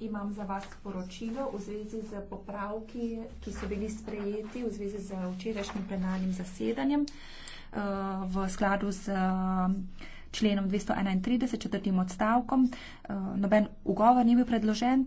imam za vas poročilo v zvezi z popravki, ki so bili sprejeti v zvezi z včerajšnjim plenarnim zasedanjem eh, v skladu z eh, členom 231, četrtim odstavkom. Eh, noben ugovor ni bil predložen,